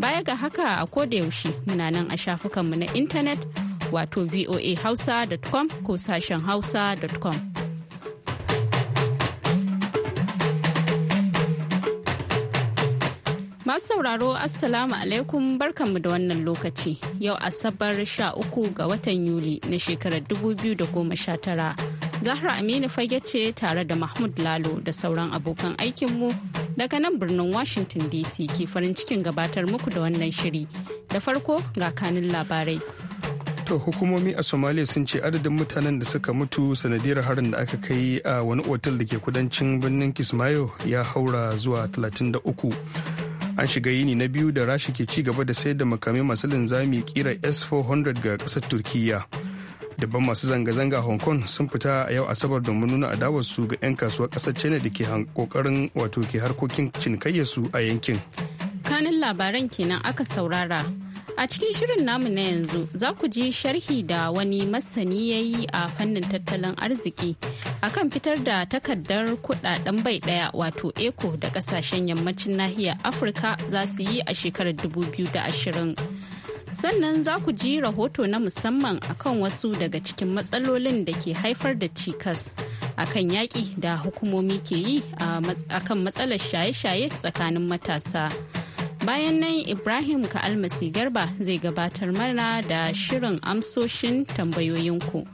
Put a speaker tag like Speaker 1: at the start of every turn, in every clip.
Speaker 1: Baya ga haka a kodayaushe muna nan a shafukanmu na intanet wato voahausa.com ko sashen hausa.com. Masu sauraro Assalamu alaikum barkanmu da wannan lokaci yau Asabar sha uku ga watan Yuli na shekarar 2019. Zahra Aminu fage ce tare da Mahmud Lalo da sauran abokan aikinmu daga nan birnin Washington DC ke farin cikin gabatar muku da wannan shiri. Da farko ga kanin labarai.
Speaker 2: To hukumomi a Somalia sun ce adadin mutanen da suka mutu sanadiyar harin da aka kai a wani otal da ke kudancin birnin Kismayo ya haura zuwa 33. An shiga yini na biyu da rashi ke ci gaba da sayar da makamai masu linzami kira S-400 ga kasar Turkiyya. dabban masu zanga-zanga hong kong sun fita a yau asabar domin nuna su ga 'yan kasuwar ƙasar china da ke kokarin wato ke harkokin su a yankin
Speaker 1: kanin labaran kenan aka saurara a cikin shirin namu na yanzu za ku ji sharhi da wani masani ya yi a fannin tattalin arziki akan fitar da takardar kudaden bai daya wato eco da kasashen yammacin nahiyar afirka za su yi a shekarar 2020 sannan za ku ji rahoto na musamman akan wasu daga cikin matsalolin da ke haifar da cikas akan yaƙi da hukumomi ke yi akan matsalar shaye-shaye tsakanin matasa bayan nan ibrahim ka almasi garba zai gabatar mana da shirin amsoshin tambayoyinku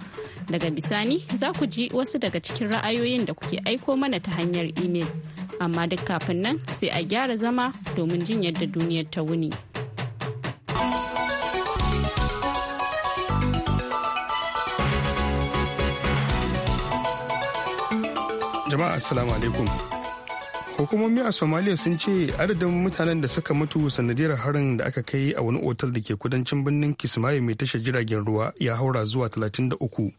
Speaker 1: daga bisani za ku ji wasu daga cikin ra'ayoyin da kuke aiko mana ta hanyar imel amma duk kafin nan sai a gyara zama domin jin yadda duniyar ta wuni.
Speaker 2: jama'a assalamu alaikum hukumomi a somaliya sun ce adadin mutanen da suka mutu sanadiyar harin da aka kai a wani otal da ke kudancin birnin kismayo mai tashar jiragen ruwa ya haura zuwa 33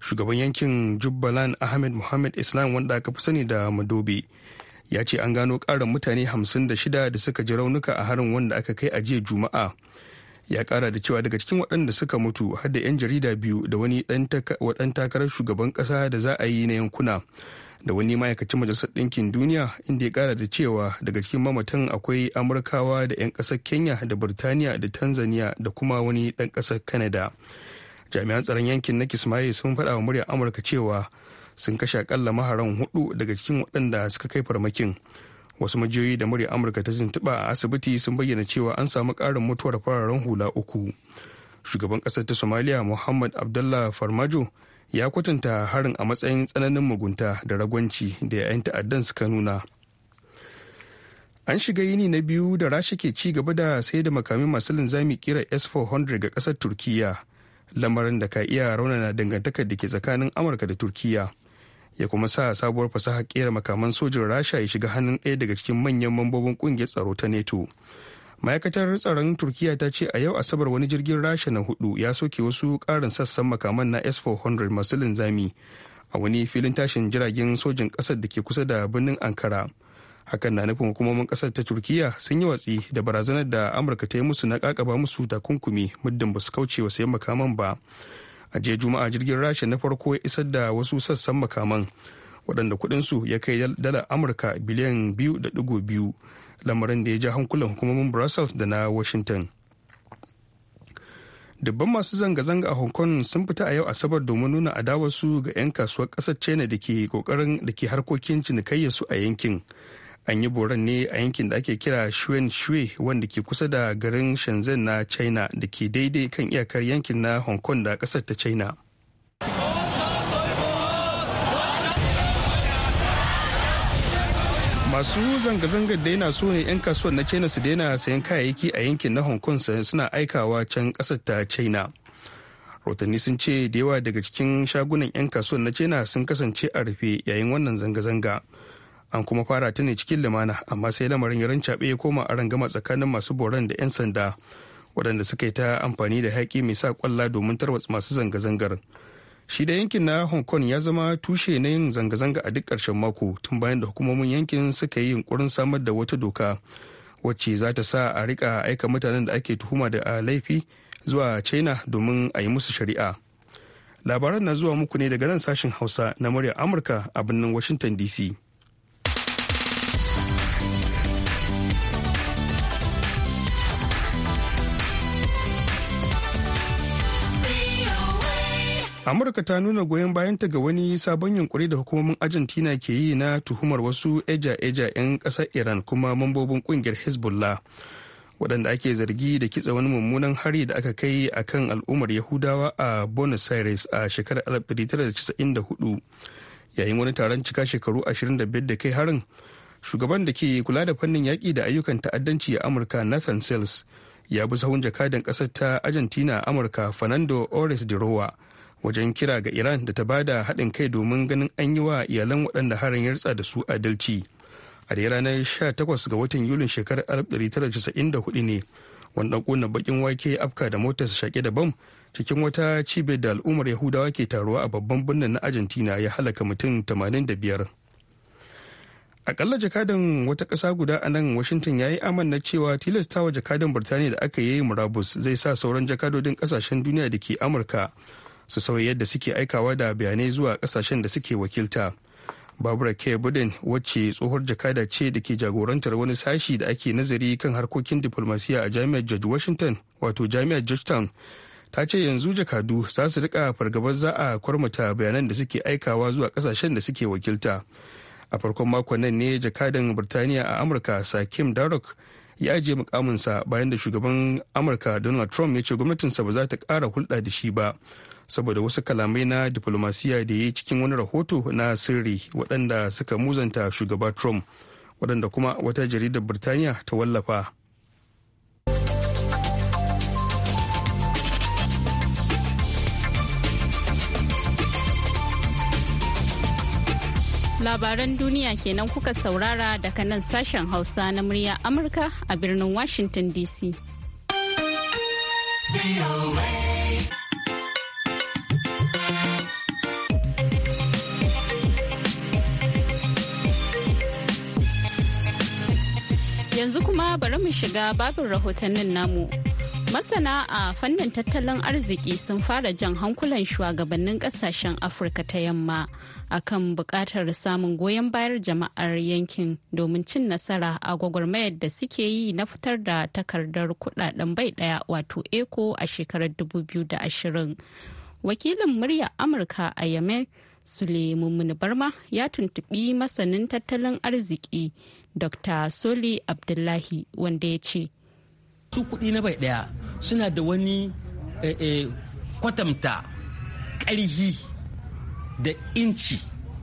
Speaker 2: shugaban yankin jubbalan ahmed muhammad islam wanda aka fi sani da madobe ya ce an gano ƙarin mutane 56 da suka ji raunuka a harin wanda aka kai a jiya juma'a ya kara da cewa daga cikin waɗanda suka mutu har da 'yan jarida biyu da wani ɗan takarar shugaban ƙasa da za a yi na yankuna da wani ma'aikacin majalisar ɗinkin duniya inda ya kara da cewa daga cikin mamatan akwai amurkawa da 'yan ƙasar kenya da birtaniya da tanzania da kuma wani ɗan ƙasar canada jami'an tsaron yankin na kismaye sun faɗa wa muryar amurka cewa sun kashe akalla maharan hudu daga cikin waɗanda suka kai farmakin wasu majiyoyi da muryar amurka ta tuntuɓa a asibiti sun bayyana cewa an samu ƙarin mutuwar fararen hula uku shugaban ƙasar ta somaliya muhammad abdullah farmajo ya kwatanta harin a matsayin tsananin mugunta da ragwanci da 'yan ta'addan suka nuna an shiga yini na biyu da rasha ke ci gaba da sai da makami masu linzami kira s-400 ga kasar turkiya lamarin da ka iya raunana dangantakar da ke tsakanin amurka da turkiya ya kuma sa sabuwar fasaha kera makaman sojin rasha ya shiga hannun ɗaya daga cikin manyan mambobin kungiyar tsaro ta neto ma'aikatar tsaron turkiya ta ce a yau asabar wani jirgin rasha na hudu ya soke wasu karin sassan makaman na s-400 masu linzami a wani filin tashin jiragen sojin kasar da ke kusa da birnin ankara hakan na nufin hukumomin kasar ta turkiya sun yi watsi da barazanar da amurka ta yi musu na kakaba musu takunkumi muddin ba su kauce wa sayan makaman ba a jiya juma'a jirgin rasha na farko ya isar da wasu sassan makaman waɗanda kuɗinsu ya kai dala amurka biliyan biyu da ɗigo biyu lamarin da ya ja hankulan hukumomin brussels da na washington dubban masu zanga-zanga a hong kong sun fita a yau asabar domin nuna adawarsu ga 'yan kasuwar ƙasar china da ke kokarin da ke harkokin cinikayya su a yankin an yi boran ne a yankin da ake kira shuen shui wanda ke kusa da garin shenzhen na china da ke daidai kan iyakar yankin na hong kong da kasar ta china masu zanga-zangar da yana so ne 'yan kasuwar na china su daina sayan kayayyaki a yankin na hong kong suna aikawa can kasar ta china rahotanni sun ce da yawa daga cikin shagunan 'yan kasuwar na china sun kasance a rufe yayin wannan zanga-zanga an kuma fara ta ne cikin limana amma sai lamarin ya rancaɓe ya koma a rangama tsakanin masu boran da 'yan sanda waɗanda suka yi ta amfani da haƙi mai sa kwalla domin tarwatsa masu zanga-zangar shi da yankin na hong kong ya zama tushe na yin zanga-zanga a duk ƙarshen mako tun bayan da hukumomin yankin suka yi yunkurin samar da wata doka wacce za ta sa a rika aika mutanen da ake tuhuma da laifi zuwa china domin a yi musu shari'a labaran na zuwa muku ne daga nan sashen hausa na murya amurka a birnin washington dc amurka ta nuna goyon bayanta ga wani sabon yunkuri da hukumomin argentina ke yi na tuhumar wasu eja-eja 'yan ƙasar iran kuma mambobin ƙungiyar hezbollah waɗanda ake zargi da kitsa wani mummunan hari da aka kai a kan al'ummar yahudawa a buenos aires a shekarar 1994 yayin wani taron cika shekaru 25 da kai harin shugaban da ke kula da fannin yaƙi da ayyukan ta'addanci a amurka nathan sales ya bi sahun jakadan ƙasar ta argentina amurka fernando ores de roa wajen kira ga iran da ta bada haɗin kai domin ganin an yi wa iyalan waɗanda harin ya da su adalci a da ranar 18 ga watan yulin shekarar 1994 ne wani ɗan bakin wake afka da motarsa shaƙe da bam cikin wata cibiyar da al'ummar yahudawa ke taruwa a babban birnin na argentina ya halaka mutum 85 akalla jakadan wata kasa guda a nan washington ya yi amanna cewa tilastawa jakadan birtaniya da aka yi murabus zai sa sauran jakadodin kasashen duniya da ke amurka su sauya yadda suke aikawa da bayanai zuwa kasashen da suke wakilta babura k budin wacce tsohuwar jakada ce da ke jagorantar wani sashi da ake nazari kan harkokin diplomasiya a jami'ar george washington wato jami'ar georgetown ta ce yanzu jakadu za su rika fargabar za a kwarmata bayanan da suke aikawa zuwa kasashen da suke wakilta a farkon makon nan ne jakadan birtaniya a amurka Kim darok ya ajiye mukaminsa bayan da shugaban amurka donald trump ya ce gwamnatinsa ba za ta ƙara hulɗa da shi ba saboda wasu kalamai na diplomasiya da ya yi cikin wani rahoto na sirri waɗanda suka muzanta shugaba trump waɗanda kuma wata jaridar birtaniya ta wallafa
Speaker 1: labaran duniya kenan kuka saurara daga nan sashen hausa na murya amurka a birnin washington dc Yanzu kuma bari mu shiga babin rahotannin namu. Masana a fannin tattalin arziki sun fara jan hankulan shugabannin kasashen Afirka ta yamma akan bukatar samun goyon bayar jama'ar yankin domin cin nasara a gwagwarmayar da suke yi na fitar da takardar kudaden bai ɗaya wato eco a shekarar 2020. Wakilin murya Amurka a Yemen Suleiman Barma ya tuntubi masanin tattalin arziki Dr. Soli Abdullahi wanda ya ce. Su kuɗi
Speaker 3: na bai ɗaya suna da wani eh, eh, kwatamta ƙarhi da inci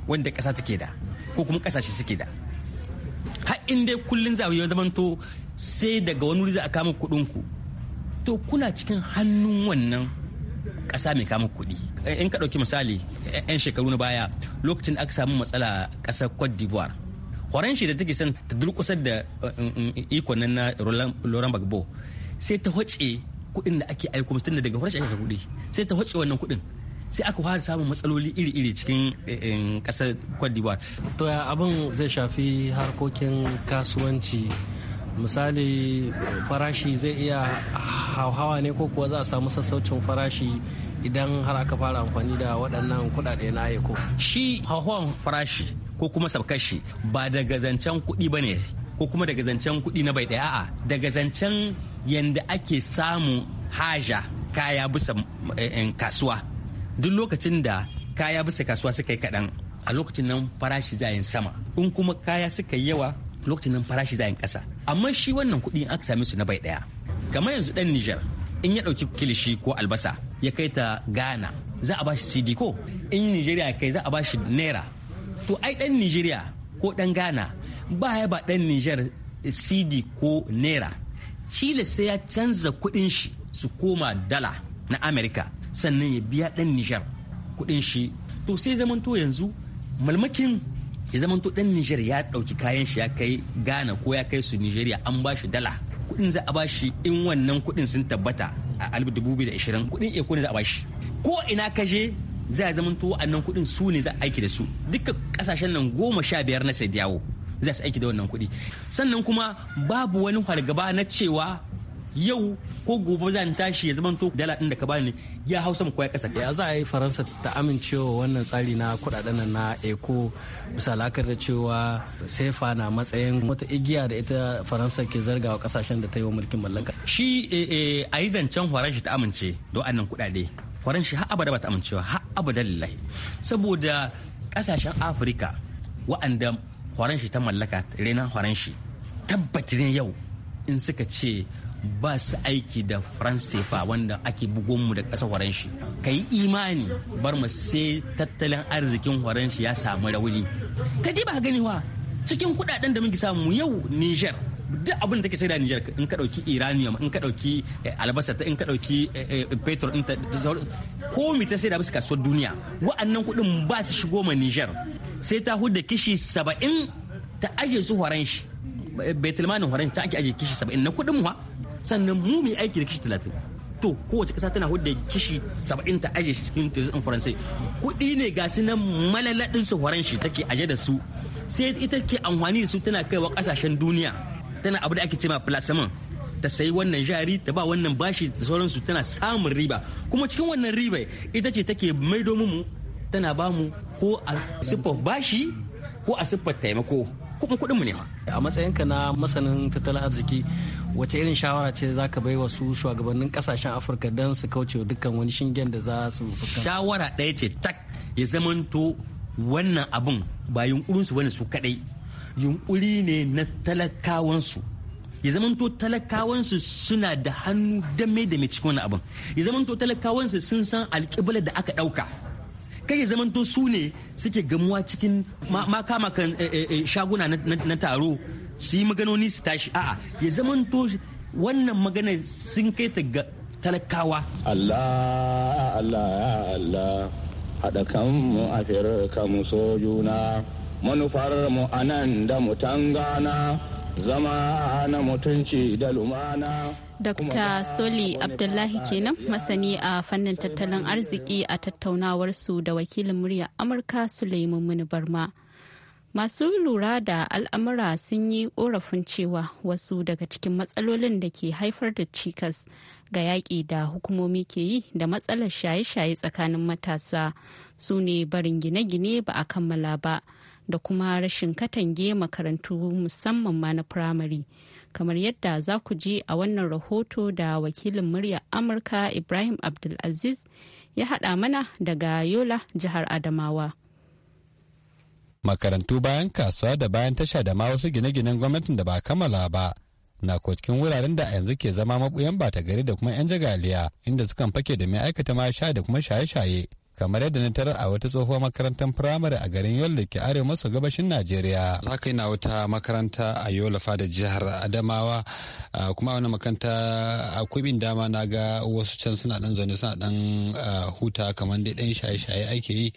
Speaker 3: wanda ƙasa take da ko kuma ƙasashe suke da. Har in dai kullum za ya zamanto sai daga wani wuri za a kama kuɗinku. To kuna cikin hannun wannan ƙasa mai kama kuɗi. Eh, in ka ɗauki misali 'yan shekaru na baya lokacin da aka samu matsala ƙasar cote d'ivoire horon shi da take son ta durkusar da um, um, ikon nan na Laurent Gbagbo sai ta hoce kuɗin da ake aiko mutum daga farashi aka kuɗi sai ta hoce wannan kuɗin sai aka fara samun matsaloli iri-iri cikin um, ƙasar Cote d'Ivoire. To ya abin zai shafi harkokin kasuwanci misali farashi zai iya hauhawa ne ko kuwa za a samu sassaucin farashi idan har aka fara amfani da waɗannan kuɗaɗe na aiko shi hauhawan farashi ko kuma sabkashi ba daga zancen kuɗi ba ne ko kuma daga zancen kuɗi na bai ɗaya a daga zancen yadda ake samu haja kaya bisa eh, eh, kasuwa duk lokacin da kaya bisa kasuwa suka yi kaɗan a lokacin nan farashi za yin sama in kuma kaya suka yi yawa lokacin nan farashi za yin ƙasa amma shi wannan kuɗi aka same su na bai ɗaya kamar yanzu ɗan Nijar in ya ɗauki kilishi ko albasa ya kai ta ghana za a bashi cd ko in nigeria kai za a bashi naira to ai dan nigeria ko dan ghana ba ya ba dan niger cd ko naira chile sai ya canza kudin shi su koma dala na america sannan ya biya dan niger kudin shi to sai zamanto yanzu malmakin ya zamanto dan niger ya dauki kayan shi ya kai ghana ko ya kai su nigeria an bashi dala kuɗin za a bashi in wannan kuɗin sun tabbata a 2020 kuɗin iya ne za a bashi ko ina ka je za a zamanto wa'annan kuɗin su ne za a aiki da su duka kasashen nan goma sha biyar na sai yawo za su aiki da wannan kuɗi sannan kuma babu wani fargaba na cewa yau ko gobe zan tashi ya zamanto dala din da ka bani ya hausa mu ya kasa ya za a yi faransa ta amincewa wannan tsari na kudaden nan na eco bisa lakar da cewa sefa na matsayin wata igiya da ita faransa ke zargawa kasashen da ta yi wa mulkin mallaka shi eh, eh, a yi zancen faransa ta amince da wa'annan kudade faransa har abada ba ta amincewa har abada lillahi saboda kasashen afirka wa'anda faransa ta mallaka renan faransa tabbatin yau in suka ce ba su aiki da fa wanda ake bugonmu da ƙasa horanshi ka yi imani bar mu sai tattalin arzikin horanshi ya samu rauni ka ba gani wa cikin kudaden da muke samu yau niger duk abin da take sai da Nijar in ka dauki iranium in ka dauki eh, albasa in ka dauki eh, eh, petrol in ta ko mi ta sai da bisa kasuwar duniya wa'annan kudin ba su shigo ma Niger. sai ta da kishi saba'in ta aje su horanshi betulmanin horanshi ta ake aje kishi saba'in na kudin mu sannan mu mu aiki da kishi talatin to kowace kasa tana hudda kishi saba'in ta aje cikin tuzin faransa kuɗi ne ga su nan malaladin su faranshi take aje da su sai ita ke amfani da su tana kaiwa kasashen duniya tana abu da ake cewa plasma ta sayi wannan jari ta ba wannan bashi da sauransu tana samun riba kuma cikin wannan riba ita ce take maido mu tana ba mu ko a siffar bashi ko a siffar taimako kuɗin mu ne ma a matsayinka na masanin tattalin arziki wace irin shawara ce za ka bai wasu shugabannin kasashen afirka don su kauce dukkan wani shingen da za su shawara ɗaya ce tak ya zamanto wannan abun ba yunkurinsu bane su kadai yunkuri ne na talakawansu ya zamanto talakawansu suna da hannu dame da mai cikin wannan abun ya zamanto talakawansu sun san alƙibla da aka ɗauka kai ya zamanto su ne suke gamuwa cikin makamakan eh, eh, eh, shaguna na taro su yi maganoni su tashi a'a ya zamanto wannan magana sun kai ta ga talakawa
Speaker 4: Allah Allah ya Allah
Speaker 2: haɗa mu a mu so juna manufar mu anan da mu tangana zama na mutunci da lumana
Speaker 1: Dr. Soli Abdullahi kenan masani a fannin tattalin arziki a tattaunawar su da wakilin murya Amurka Suleiman Muni Barma. masu lura da al'amura sun yi ƙorafin cewa wasu daga cikin matsalolin da ke haifar da cikas ga yaƙi da hukumomi ke yi da matsalar shaye-shaye tsakanin matasa su ne barin gine-gine ba a kammala ba da kuma rashin katange makarantu musamman ma na firamare kamar yadda za ku ji a wannan rahoto da wakilin murya amurka ibrahim abdulaziz ya haɗa mana daga yola jihar adamawa.
Speaker 4: makarantu bayan kasuwa da bayan tasha da ma wasu gine-ginen gwamnatin da ba kammala ba na kotkin wuraren da a yanzu ke zama mabuyan bata gari da kuma 'yan jagaliya inda sukan fake da mai aikata ma sha da kuma shaye-shaye kamar yadda na tarar a wata tsohuwar makarantar firamare a garin yola ke arewa maso gabashin najeriya yi na wata makaranta a yola da jihar adamawa kuma wani makaranta a kubin dama na ga wasu can suna dan zaune suna dan huta kamar dai dan shaye-shaye ake yi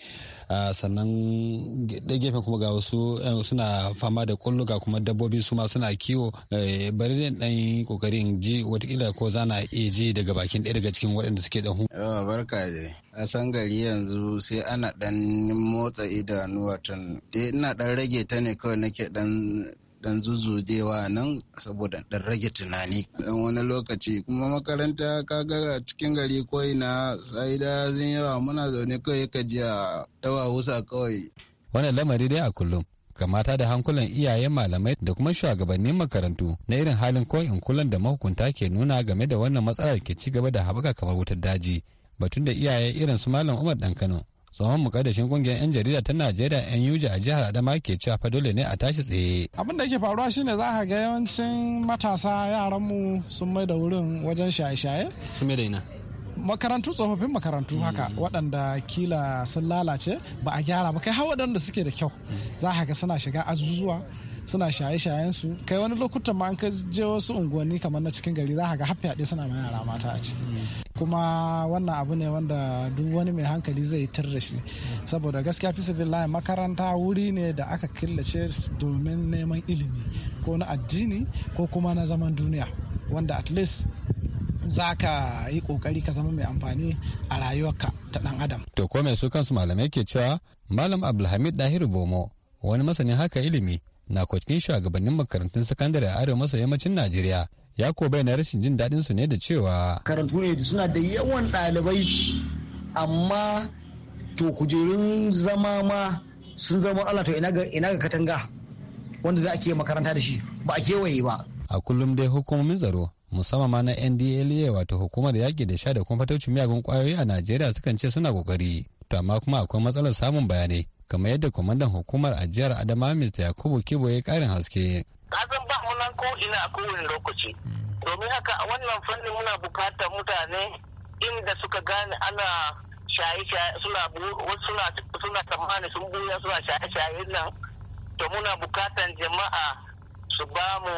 Speaker 4: Ah, sannan da gefen kuma ga wasu eh, suna fama da kulluga kuma dabbobi su ma suna kiwo eh, bari ne dan kokarin ji watakila ko zana iya ji daga bakin ɗaya daga cikin waɗanda suke yawa barka da a san gari yanzu sai ana dan motsa idanuwa tun ina dan rage ta ne kawai nake ɗan. dan zuzudewa nan saboda dan rage tunani dan wani lokaci kuma makaranta kaga cikin gari kawai na sai da zin yawa muna zaune kawai ka ji a dawa kawai wannan lamari dai a kullum kamata da hankulan iyayen malamai da kuma shugabannin makarantu na irin halin in kullum da mahukunta ke nuna game da wannan matsalar ke ci gaba da haɓaka kamar wutar daji batun da iyaye irin su malam umar dan kano tsohon mukaddashin kungiyar 'yan jarida ta najeriya yan yuji a jihar adama ke cewa fa dole ne a tashi tsaye abin da ke faruwa shine za ka ga yawancin matasa yaranmu sun mai da wurin wajen shaye-shaye sun mai da ina makarantu tsofaffin makarantu haka hmm. waɗanda kila sun lalace ba a gyara ba kai har waɗanda suke da kyau hmm. za ka ga suna shiga azuzuwa suna shaye-shayen su kai wani lokutan ma an ka je wasu unguwanni kamar na cikin gari za ka ga haɗe suna ma yara mata a ciki mm. kuma wannan abu ne wanda duk wani mai hankali zai tar da shi mm. saboda gaskiya fi billahi makaranta wuri ne da aka killace domin neman ilimi ko na addini ko kuma na zaman duniya wanda at least za ka yi kokari ka zama mai amfani a rayuwarka ta dan adam. To ko mai su kansu malamai ke cewa Malam Abdulhamid Dahiru Bomo wani masanin haka ilimi na kwakin shugabannin makarantun sakandare a arewa maso yammacin najeriya ya ko bayyana rashin jin daɗin su ne da
Speaker 3: cewa karantu ne suna da yawan ɗalibai amma to kujerun zama ma sun zama allah to ina ga katanga wanda za a ke makaranta da shi ba a kewaye ba
Speaker 4: a kullum dai hukumomin tsaro musamman ma na ndla wato hukumar yaƙi da sha da kuma fataucin miyagun ƙwayoyi a najeriya sukan ce suna ƙoƙari to amma kuma akwai matsalar samun bayanai kamar yadda kwamandan hukumar ajiyar adama mr yakubu kibo ya karin haske
Speaker 3: kasan ba mu nan ko ina a kowane lokaci domin haka a wannan fannin muna bukatar mutane inda suka gane ana shaye-shaye suna suna suna tsammani sun buya suna shaye-shaye nan to muna bukatar jama'a su ba mu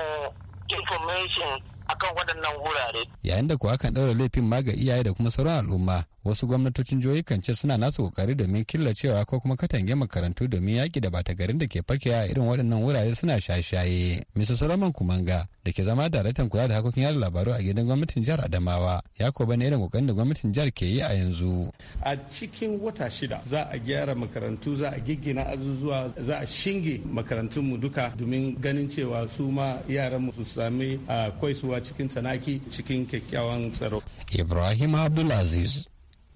Speaker 3: information akan waɗannan wurare.
Speaker 4: Yayin da kuwa kan ɗaura laifin maga ga iyaye da kuma sauran al'umma wasu gwamnatocin jihohi kan ce suna nasu kokari domin killacewa ko kuma katange makarantu domin yaki da bata garin da ke fakiya irin waɗannan wurare suna shaye. Mr. Solomon Kumanga da ke zama daraktan kula da harkokin yada labaru a gidan gwamnatin jihar Adamawa ya ko bane irin kokarin da gwamnatin jihar ke yi a yanzu. A cikin wata shida
Speaker 5: za a gyara makarantu za a giggina azuzuwa za a shinge makarantun mu duka domin ganin cewa su ma yaran mu su sami akwai ah, kwaisuwa cikin tsanaki cikin kyakkyawan tsaro.
Speaker 4: Ibrahim Abdulaziz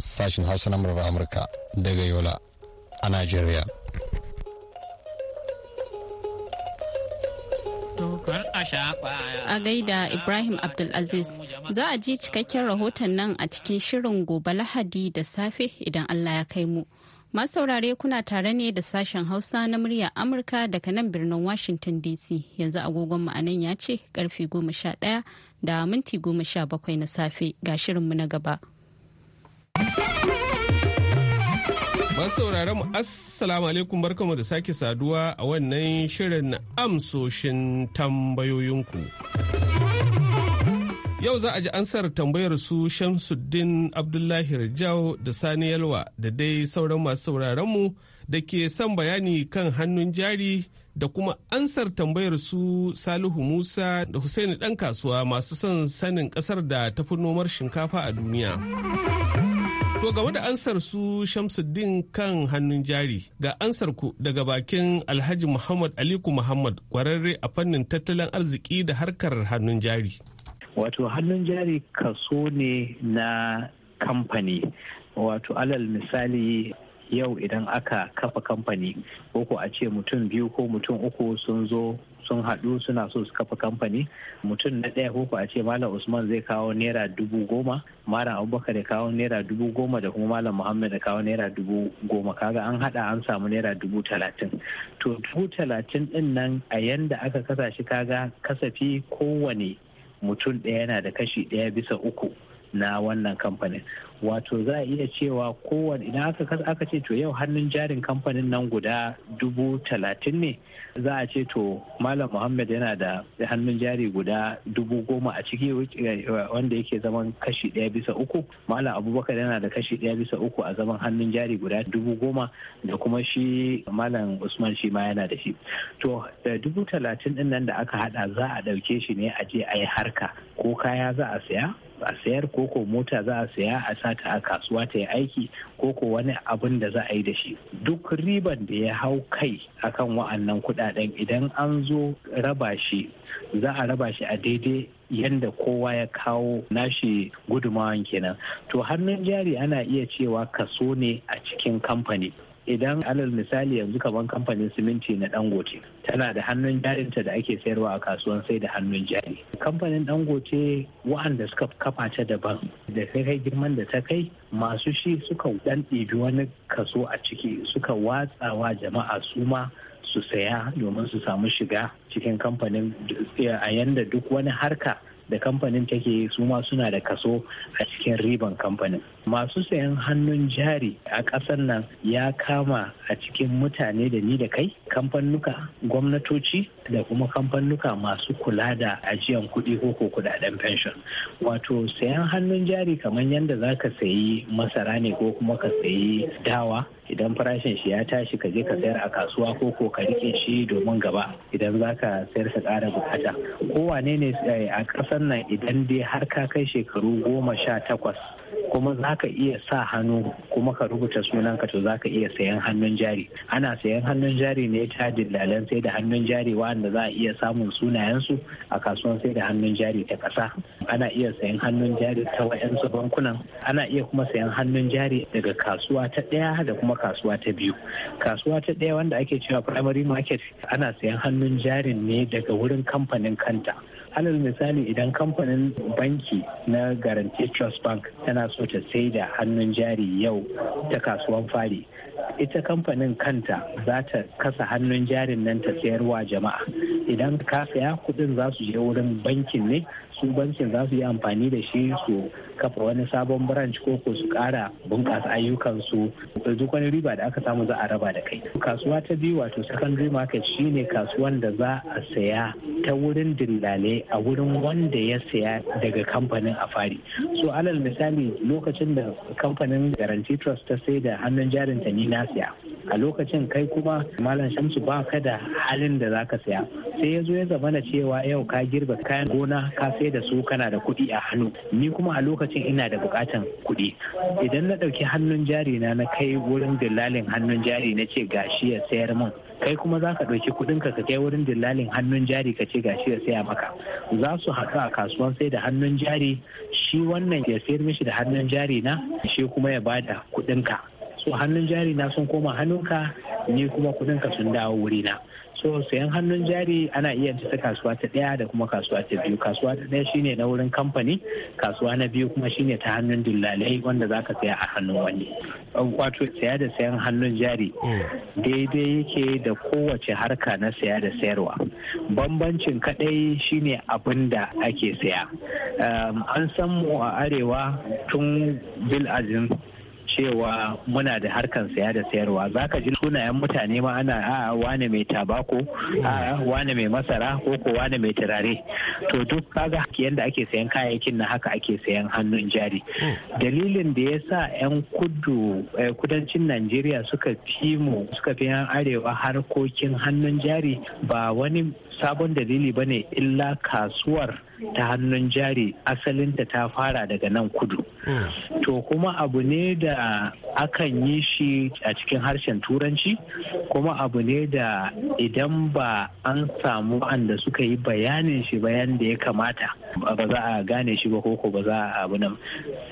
Speaker 4: sashen hausa na murba amurka daga yola a nigeria.
Speaker 1: a gaida ibrahim abdulaziz za a ji cikakken rahoton nan a cikin shirin gobe lahadi da safe idan allah ya kai mu ma saurare kuna tare ne da sashen hausa na murya amurka daga nan birnin washington dc yanzu agogon ma'anan ya ce karfe 11 da minti 17 na safe ga shirinmu na gaba
Speaker 5: sauraron mu assalamu alaikum barkamu da sake saduwa a wannan shirin amsoshin tambayoyinku. Yau za a ji ansar tambayar su Shamsuddin Abdullahi Rajau da Sani Yalwa da dai sauran masu sauraron da ke son bayani kan hannun jari da kuma ansar tambayar su Salihu Musa da Hussaini dan kasuwa masu son sanin kasar da tafi nomar shinkafa a duniya. To game da ansar su Shamsuddin kan hannun jari ga ansar ku daga bakin Alhaji Muhammad Aliku Muhammad kwararre a fannin tattalin arziki da harkar hannun jari.
Speaker 6: Wato hannun jari kaso ne na kamfani. Wato alal misali yau idan aka kafa kamfani ko a ce mutum biyu ko mutum uku sun zo sun haɗu suna so su kafa kamfani mutum na ɗaya ko a ce malam usman zai kawo naira dubu goma malam abubakar ya kawo naira dubu goma da kuma malam muhammad ya kawo naira dubu goma kaga an haɗa an samu naira dubu talatin to dubu talatin ɗin nan a yanda aka kasa shi kaga kasafi kowane mutum ɗaya yana da kashi ɗaya bisa uku na wannan kamfanin wato za a iya cewa kowane idan aka ce to yau hannun jarin kamfanin nan guda dubu talatin ne za a ce to malam muhammad yana da hannun jari guda dubu goma a ciki eh, wanda yake zaman kashi daya bisa uku malam abubakar yana da kashi daya bisa uku a zaman hannun jari guda dubu goma da kuma shi malam usman shi ma yana da shi to da dubu talatin din nan da aka haɗa za a ɗauke shi ne a je a yi harka ko kaya za a saya a sayar ko ko mota za a saya a sa baka a kasuwa ta yi aiki ko ko wani abin da za a yi da shi duk riban da ya hau kai akan wa'annan kudaden idan an zo raba shi za a raba shi a daidai yadda kowa ya kawo nashi gudumawan kenan to hannun jari ana iya cewa kaso ne a cikin kamfani idan alal misali yanzu kamar kamfanin siminti na dangote tana da hannun jarinta da ake sayarwa a kasuwan sai da hannun jari kamfanin dangote wa'anda suka kafa ta daban da ta kai girman da ta kai masu shi suka dan ɗibi wani kaso a ciki suka watsawa jama'a suma su saya domin su samu shiga cikin kamfanin eh, a yanda duk wani harka da kamfanin take su ma suna da kaso a cikin riban kamfanin masu sayan hannun jari a ƙasar nan ya kama a cikin mutane da ni da kai kamfanuka gwamnatoci da kuma kamfanuka masu kula da ajiyan kuɗi ko ko kudaden pension wato sayan hannun jari kamar yadda za ka sayi masara ne ko kuma ka sayi dawa idan farashin shi ya tashi ka je ka sayar a kasuwa ko ko ka rike shi domin gaba idan za ka sayar ka kara bukata ko wane ne eh, a ƙasar nan idan dai har ka kai shekaru goma sha takwas kuma za ka iya sa hannu kuma ka rubuta sunan ka to za ka iya sayan hannun jari ana sayan hannun jari ne ta dillalan sai da hannun jari wanda za a iya samun sunayensu a kasuwan sai da hannun jari ta ƙasa ana iya sayan hannun jari ta wayansu bankunan ana iya kuma sayan hannun jari daga kasuwa ta ɗaya da kuma kuma kasuwa ta biyu kasuwa ta ɗaya wanda ake cewa primary market ana sayan hannun jarin ne daga wurin kamfanin kanta alal misali idan kamfanin banki na guarantee trust bank tana so ta sai da hannun jari yau ta kasuwan fari ita kamfanin kanta za ta kasa hannun jarin nan ta sayarwa jama'a idan ka saya kuɗin za su je wurin bankin ne su bankin za su yi amfani da shi su kafa wani sabon branch ko ko su ƙara bunƙasa ayyukansu duk wani riba da aka samu za a raba da kai kasuwa ta biyu wato secondary market shine kasuwan da za a saya ta wurin dillale a wurin wanda ya saya daga kamfanin a fari so alal misali lokacin da kamfanin garanti trust ta sai da hannun jarin ta ni na saya a lokacin kai kuma malam shamsu ba ka da halin da za ka saya sai ya zo ya zama na cewa yau ka girba kayan gona ka sai da su kana da kuɗi a hannu ni kuma a lokacin ina da bukatan kuɗi idan na ɗauki hannun jari na na kai wurin dillalin hannun jari na ce ga shi ya sayar min kai kuma za ka ɗauki kuɗinka ka kai wurin dillalin hannun jari ka ce ga shi ya saya maka za su haɗu a kasuwan sai da hannun jari shi wannan ya sayar mishi da hannun jari na shi kuma ya bada kuɗinka so hannun jari na sun koma hannunka ni kuma ka sun dawo wurina so sayan hannun jari ana iya ta kasuwa ta ɗaya da kuma kasuwa ta biyu kasuwa ta ɗaya shine na wurin kamfani kasuwa na biyu kuma shine ta hannun dillalai wanda zaka saya a hannun wani wato saya da sayan hannun jari hmm. daidai yake da kowace harka na saya da sayarwa bambancin kaɗai shine abin da ake saya an san mu a arewa tun bil azin cewa muna da harkan saya da sayarwa zaka ji sunayen mutane ma ana a wane mai tabako a wane mai masara ko ko wane mai turare to duk kaga yanda ake sayan kayayyakin na haka ake sayan hannun jari dalilin da ya sa 'yan kudu eh, kudancin Najeriya suka fi mu suka fi yan arewa harkokin hannun jari ba wani sabon dalili ba ne illa kasuwar ta hannun jari asalinta ta fara daga nan kudu
Speaker 5: hmm.
Speaker 6: to kuma abu ne da akan yi shi a cikin harshen turanci kuma abu ne da idan ba an samu wanda suka yi bayanin shi bayan da ya kamata ba za a gane shi ba ko ba za a abu nan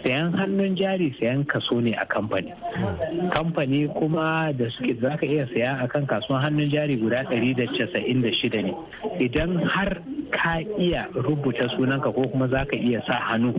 Speaker 6: sayan hannun jari sayan kaso ne a kamfani hmm. kamfani kuma da suke za ka iya saya akan kasuwan hannun jari guda 196 ne idan har ka iya rubuta sunanka ko kuma za ka iya sa hannu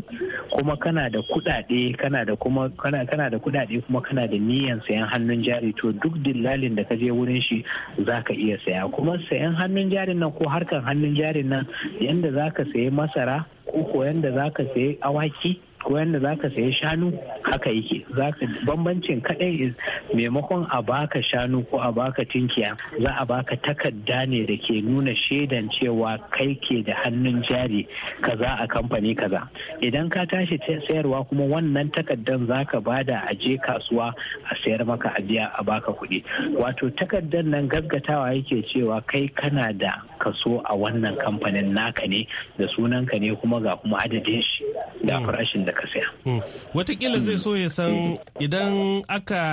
Speaker 6: kuma kana da kudade kana da kuma kana da kudade kuma kana da niyan sayan hannun jari to duk dillalin da ka je wurin shi za ka iya saya kuma sayan hannun jarin nan ko harkan hannun jarin nan yanda za ka sayi masara ko ko yanda za ka sayi awaki wanda za ka sayi shanu haka yake za ka bambancin kadai maimakon a baka shanu ko a baka tinkiya za a baka takarda ne da ke nuna shaidan cewa kai ke da hannun jari kaza a kamfani kaza idan ka tashi sayarwa kuma wannan takardan za ka bada a je kasuwa a sayar maka a biya a baka kuɗi wato takardan nan gaggatawa yake cewa kai kana da kaso a wannan kamfanin naka ne da sunanka ne kuma ga kuma adadin shi da hmm. farashin da da ka
Speaker 5: saya. Hmm. Wataƙila zai so ya san idan aka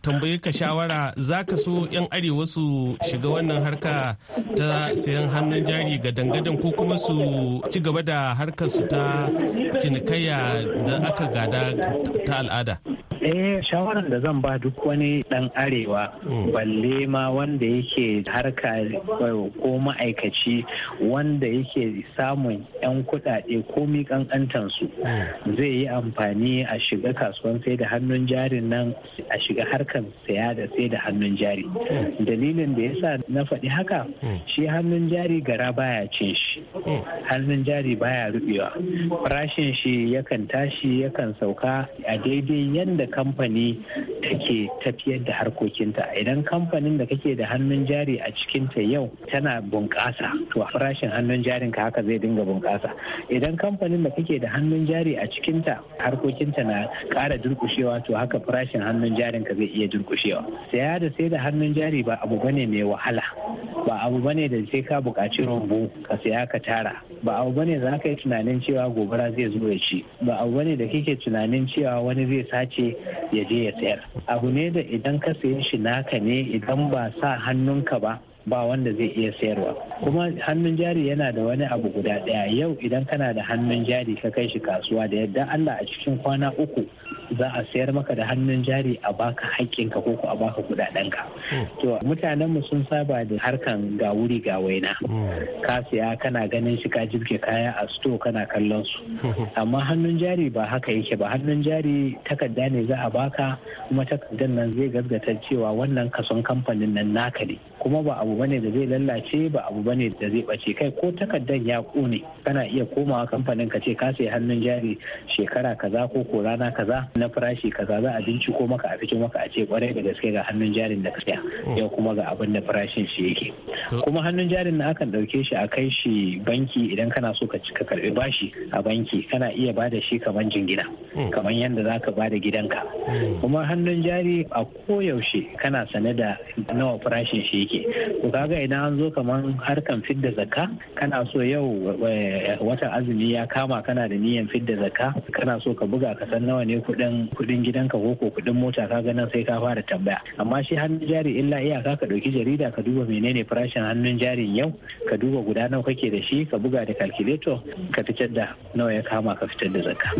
Speaker 5: tambaye ka shawara za ka so 'yan arewa su shiga wannan harka ta sayan hannun jari ga dangadan ko kuma su ci gaba da harkar su ta cinikayya
Speaker 6: da aka gada ta al'ada. eh shawaran da zan ba duk wani dan arewa hmm. balle ma wanda yake harka eh, ko ma'aikaci wanda yake samun yan kudade ko miƙan su hmm. zai yi amfani a shiga kasuwan sai da hannun jari nan a shiga harkar saya da sai da hannun jari hmm. dalilin da yasa na faɗi haka shi hannun jari gara baya cin shi hannun jari baya rubewa farashin shi yakan tashi yakan sauka a daidai yadda kamfani take tafiyar da harkokinta idan kamfanin da kake da hannun jari a cikinta yau tana bunƙasa to farashin hannun jarin ka haka zai dinga bunƙasa idan kamfanin da kake da hannun jari a cikinta harkokinta na ƙara durƙushewa to haka farashin hannun jarin ka zai iya durƙushewa saya da sai da hannun jari ba abu bane mai wahala ba abu bane da sai ka buƙaci rumbu ka saya ka tara ba abu bane za ka yi tunanin cewa gobara zai zo ya ci ba abu bane da kake tunanin cewa wani zai sace ya je ya sayar abu ne da idan ka sayi shi naka ne idan ba sa hannunka ba ba wanda zai iya sayarwa kuma hannun jari yana da wani abu guda daya yau idan kana da hannun jari ka kai shi kasuwa da yadda Allah a cikin kwana uku za a sayar maka da hannun jari a baka haƙƙinka ko a baka ka hmm. to mutanen mu sun saba da harkan ga wuri ga waina hmm. ka siya kana ganin shi ka jirge kaya a sto kana kallon su hmm. amma hannun jari ba haka yake ba hannun jari takarda ne za a baka kuma takardar nan zai gasgata cewa wannan kason kamfanin nan naka ne kuma ba abu ba ne da zai lallace ba abu ba ne da zai bace kai ko takardar ya kone kana iya komawa kamfanin ka ce ka sai hannun jari shekara kaza ko ko rana kaza na farashi kaza za a binciko maka a fito maka a ce kwarai da gaske ga hannun jarin da ka saya oh. yau kuma ga abin da farashin shi yake kuma hannun jarin na akan dauke shi a kai shi banki idan kana so ka ka karbi bashi a banki kana iya ba da shi kaman jingina oh. kaman yadda zaka da gidanka hmm. kuma hannun jari a koyaushe kana sane da nawa farashin shi yake to kaga idan an zo kaman harkan fidda zakka kana so yau eh, wata azumi ya kama kana da niyan fidda zakka kana so ka buga ka san nawa ne kuɗin kudin gidanka ko ko kuɗin mota ka ga nan sai ka fara tambaya amma shi hannun jari illa iyaka ka ɗauki jarida ka duba menene farashin hannun jari yau ka duba guda nawa kake da shi ka buga da calculator ka fitar da nawa ya kama ka fitar da zakka.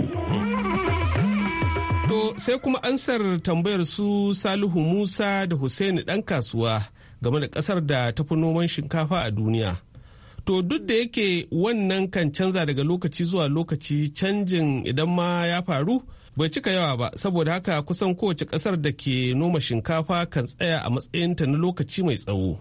Speaker 5: To sai kuma ansar tambayar su Salihu Musa da Hussein ɗan kasuwa game da kasar da ta fi noman shinkafa a duniya to duk da yake wannan kan canza daga lokaci zuwa lokaci canjin idan ma ya faru bai cika yawa ba saboda haka kusan kowace kasar da ke noma shinkafa kan tsaya a matsayinta na lokaci mai tsawo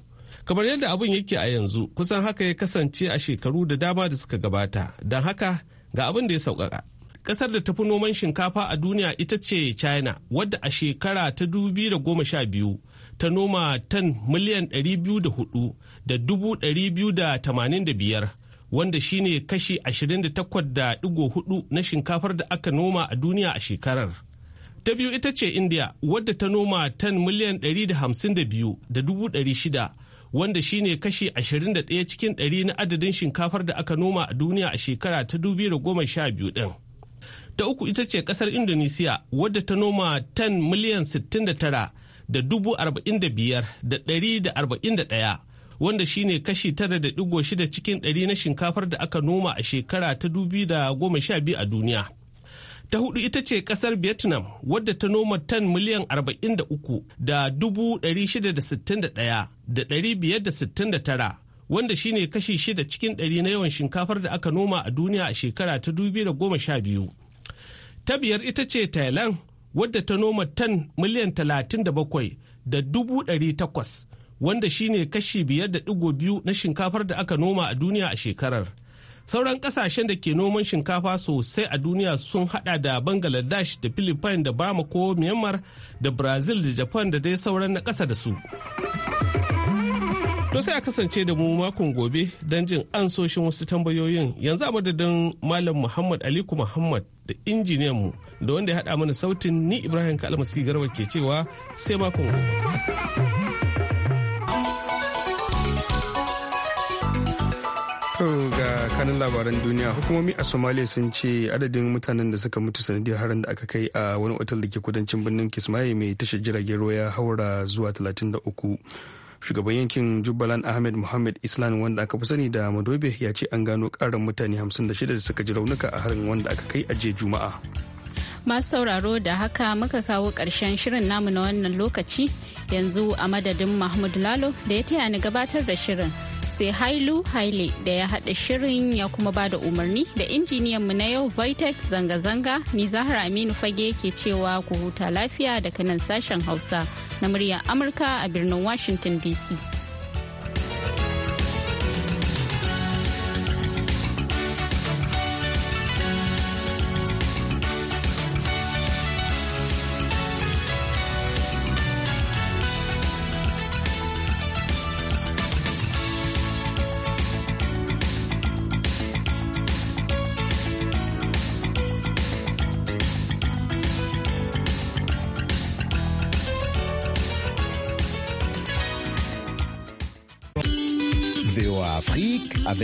Speaker 5: kamar yadda abin yake a yanzu kusan haka ya kasance a shekaru da dama da suka gabata don haka ga abin da ya sauƙaƙa kasar da tafi noman shinkafa a duniya ita ce china wadda a shekara ta da goma sha biyu ta noma tan miliyan 204 da 285 wanda shine kashi 28.4 na shinkafar da aka noma a duniya a shekarar. Ta biyu ita ce India wadda ta noma tan miliyan da shida wanda shine kashi 21 cikin 100 na adadin shinkafar da aka noma a duniya a shekara ta 2012 din. Ta uku ita ce kasar Indonesia wadda ta noma tan miliyan 69 da dubu arba'in da biyar da ɗari da arba'in da ɗaya wanda shine kashi tara da digo shida cikin ɗari na shinkafar da aka noma a shekara ta dubi da goma sha biyu a duniya. Ta hudu ita ce kasar Vietnam wadda ta noma tan miliyan arba'in da uku da dubu ɗari shida da sittin da ɗaya da ɗari biyar da sittin da tara wanda shine kashi shida cikin ɗari na yawan shinkafar da aka noma a duniya a shekara ta dubi da goma sha biyu. Ta biyar ita ce Thailand wadda ta noma tan miliyan 37 da dubu takwas wanda shine kashi biyar da digo biyu na shinkafar da aka noma a duniya a shekarar. Sauran kasashen da ke noman shinkafa sosai a duniya sun hada da Bangladesh da Philippines da ko Myanmar da Brazil da Japan da dai sauran na ƙasa da su. To sai a kasance da mu makon gobe don jin ansoshin wasu tambayoyin yanzu a madadin Malam Muhammad Aliku Muhammad da injiniyan mu. da wanda ya haɗa mana sautin ni Ibrahim Kalmasi Garba ke cewa sai makon
Speaker 2: To ga kanin labaran duniya hukumomi a Somalia sun ce adadin mutanen da suka mutu sanadiyar harin da aka kai a wani otal da ke kudancin birnin Kismaye mai tashar jiragen ruwa ya haura zuwa 33. Shugaban yankin Jubbaland Ahmed muhammad Islam wanda aka fi sani da Madobe ya ce an gano karin mutane 56 da suka ji raunuka a harin wanda aka kai a jiya Juma'a.
Speaker 1: Masu sauraro da haka muka kawo ƙarshen shirin namu na wannan lokaci yanzu a madadin Mahmud Lalo da ya taya ni gabatar da shirin. Sai Hailu Haile da ya haɗa shirin ya kuma ba da umarni da injiniyan mu na yau Vitex zanga-zanga ni Zahra Aminu Fage ke cewa ku huta lafiya daga nan sashen Hausa na muryar Amurka a birnin Washington DC.